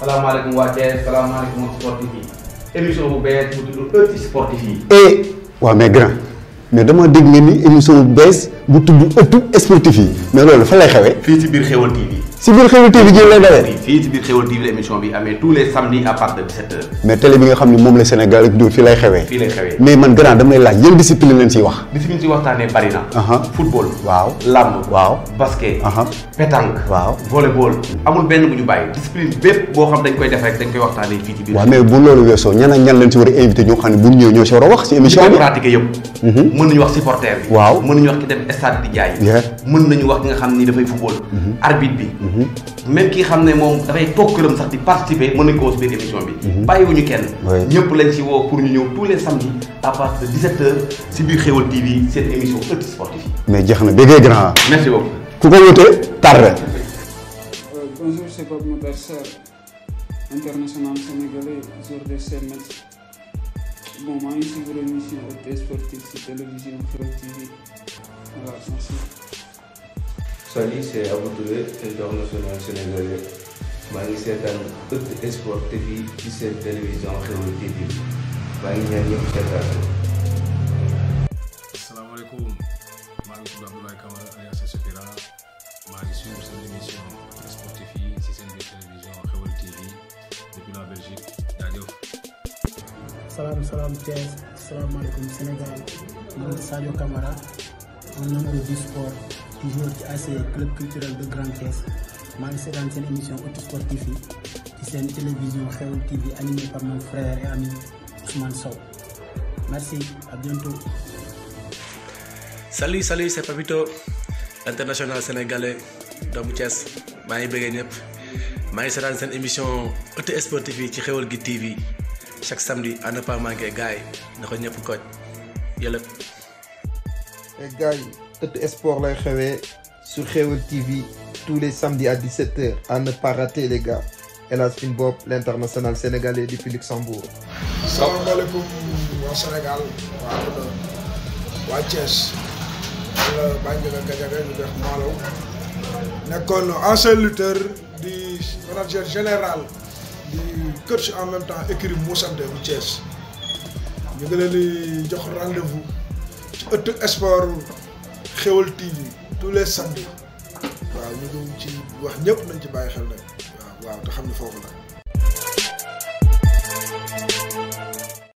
salaamaaleykum waa Thiès salaamaaleykum sportif yi émission bu bees bu tudd ëtti sportif yi. eh waaw mais grand mais dama dégg nga ni émission bu bees bu tudd ëttu sportif yi mais loolu fa lay xewee. fii ci biir Xeweul TV si vous voulez TV ji vous émission tous les samedis à partir de 7 h mais télé bi nga vous avez la Sénégal lay mais man grand dama discipline discipline ci football. waaw lamb. waaw basket. pétanque. waaw volleyball. amul benn bu ñu discipline bépp boo ci mais vous vous que ñan ak ci invité émission Mhm. mën nañu wax supporter wax ki dem stade di football arbitre même ki sax participer émission bi mhm. kenn nous lañ pour tous les samedis à partir de 17 heures si biir Xéwal TV seen émission ëtt sportif mais jeex na grand merci beaucoup euh, bonjour c'est Sarr international sénégalais de bon maa ngi suivre émission OTS sportive ci télévision Xew TV voilà merci. Salut c'est Abou Touré international sénégalais maa ngi seetaan OTS sportive TV. ci seen télévision Xew TV maa ngi ñaan ñëpp seetaan. asalaamaaleykum maa ngi tudd Abdoulaye Camara alias Sopira maa ngi suivre seen émission OTS sportive yi ci seen télévision Xew TV depuis la Belgique jaajëf. Salam Salam salam Thiès asalaamaaleykum Sénégal mon Sadio Camara un numéro du sport toujours assez club culturel de grande Thiès maa ngi seetaan émission auto qui c'est une télévision Xeweul TV animée par mon frère et ami Ousmane Sow merci à bientôt. salut salut c'est Papito international sénégalais doomu Thiès maa ngi bëggee ñëpp maa émission auto sportif TV ci Xeweul gi TV chaque samedi à ne pas manquer gars eh, gars tout sport sur TV tous les samedis à 17h à ne pas rater les gars Et la spin Bob l'international sénégalais depuis Luxembourg Sénégal le le ancien lutteur du manager général di coach en même temps mu Moussante bu Thiès ñu ngi leen jox rendez-vous ci ëttu sport Xéwal TV tous les samedis waaw ñu ngi ci wax ñëpp nañ ci bàyyi xel nag waaw waaw te xam ne foofu la.